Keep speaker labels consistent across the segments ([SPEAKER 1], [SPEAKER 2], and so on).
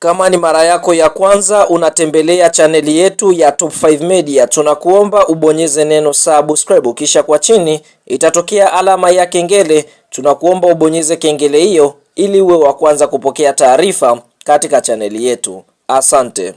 [SPEAKER 1] Kama ni mara yako ya kwanza unatembelea chaneli yetu ya Top 5 Media, tunakuomba ubonyeze neno subscribe, kisha kwa chini itatokea alama ya kengele. Tunakuomba ubonyeze kengele hiyo ili uwe wa kwanza kupokea taarifa katika chaneli yetu. Asante.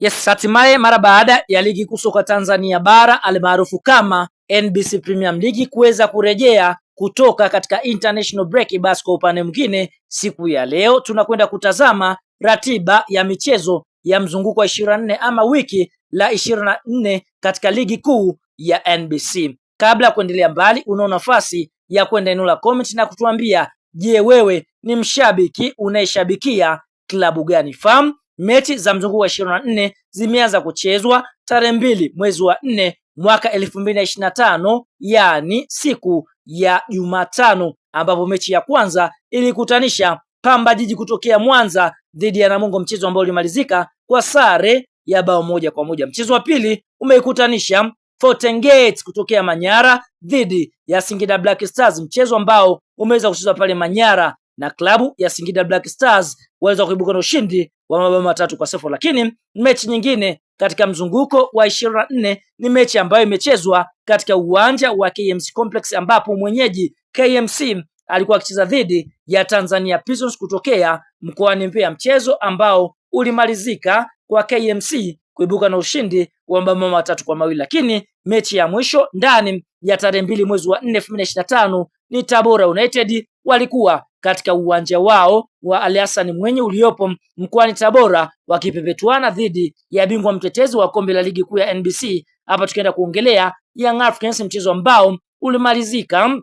[SPEAKER 2] Yes, hatimaye mara baada ya ligi kusoka Tanzania bara almaarufu kama NBC Premium League kuweza kurejea kutoka katika international break. Basi kwa upande mwingine, siku ya leo tunakwenda kutazama ratiba ya michezo ya mzunguko wa ishirini na nne ama wiki la ishirini na nne katika ligi kuu ya NBC. Kabla ya kuendelea mbali, unao nafasi ya kwenda eneo la comment na kutuambia, je, wewe ni mshabiki unayeshabikia klabu gani? Fam, mechi za mzunguko wa ishirini na nne zimeanza kuchezwa tarehe mbili mwezi wa nne mwaka elfu mbili na ishirini na tano yaani siku ya Jumatano ambapo mechi ya kwanza ilikutanisha Pamba Jiji kutokea Mwanza dhidi ya Namungo, mchezo ambao ulimalizika kwa sare ya bao moja kwa moja. Mchezo wa pili umeikutanisha Fountain kutokea Manyara dhidi ya Singida Black Stars, mchezo ambao umeweza kuchezwa pale Manyara na klabu ya Singida Black Stars waweza kuibuka na ushindi wa mabao matatu kwa sifuri. Lakini mechi nyingine katika mzunguko wa 24 ni mechi ambayo imechezwa katika uwanja wa KMC Complex ambapo mwenyeji KMC alikuwa akicheza dhidi ya Tanzania Prisons kutokea mkoani Mbeya, mchezo ambao ulimalizika kwa KMC kuibuka na ushindi wa mabao matatu kwa mawili. Lakini mechi ya mwisho ndani ya tarehe mbili mwezi wa 4 2025 ni Tabora United walikuwa katika uwanja wao wa Ali Hassan Mwinyi uliopo mkoani Tabora, wakipepetuana dhidi ya bingwa mtetezi wa kombe la ligi kuu ya NBC. Hapa tukienda kuongelea Young Africans, mchezo ambao ulimalizika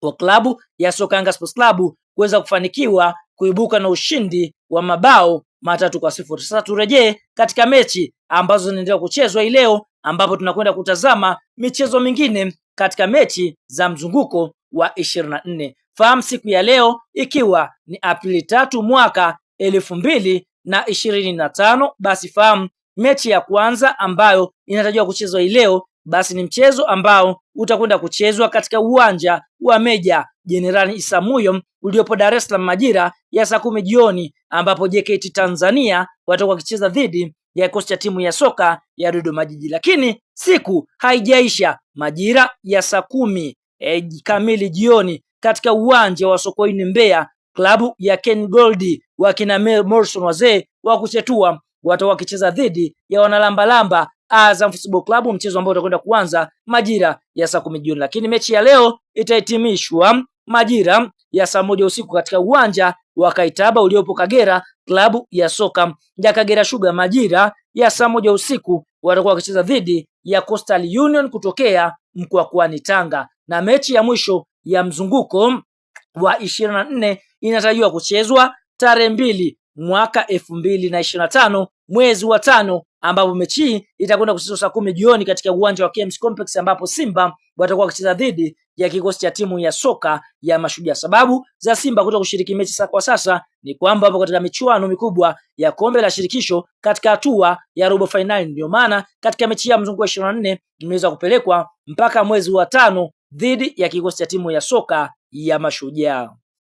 [SPEAKER 2] kwa klabu ya soka Yanga Sports Club kuweza kufanikiwa kuibuka na ushindi wa mabao matatu kwa sifuri. Sasa turejee katika mechi ambazo zinaendelea kuchezwa hii leo, ambapo tunakwenda kutazama michezo mingine katika mechi za mzunguko wa ishirini na nne. Fahamu siku ya leo ikiwa ni Aprili tatu mwaka elfu mbili na ishirini na tano, basi fahamu mechi ya kwanza ambayo inatarajiwa kuchezwa hii leo basi ni mchezo ambao utakwenda kuchezwa katika uwanja wa Meja Jenerali Isamuyo uliopo Dar es Salaam majira ya saa kumi jioni, ambapo JKT Tanzania watakuwa wakicheza dhidi ya kikosi cha timu ya soka ya Dodoma Jiji. Lakini siku haijaisha, majira ya saa kumi e, kamili jioni katika uwanja wa Sokoine Mbeya, klabu ya Ken Gold wakina Morrison wazee wa kuchetua watakuwa wakicheza dhidi ya wanalambalamba Azam Football Club, mchezo ambao utakwenda kuanza majira ya saa kumi jioni, lakini mechi ya leo itahitimishwa majira ya saa moja usiku katika uwanja wa Kaitaba uliopo Kagera. Klabu ya soka ya Kagera Sugar majira ya saa moja usiku watakuwa wakicheza dhidi ya Coastal Union kutokea mkoa kwani Tanga na mechi ya mwisho ya mzunguko wa 24 nne inatarajiwa kuchezwa tarehe mbili mwaka elfu mbili na ishirini na tano mwezi wa tano ambapo mechi hii itakwenda kuchezwa saa kumi jioni katika uwanja wa KMC Complex ambapo Simba watakuwa wakicheza dhidi ya kikosi cha timu ya soka ya Mashujaa. Sababu za Simba kuto kushiriki mechi kwa sasa ni kwamba wapo katika michuano mikubwa ya kombe la shirikisho katika hatua ya robo fainali. Ndio maana katika mechi ya mzunguko wa ishirini na nne imeweza kupelekwa mpaka mwezi wa tano dhidi ya kikosi cha timu ya soka ya Mashujaa.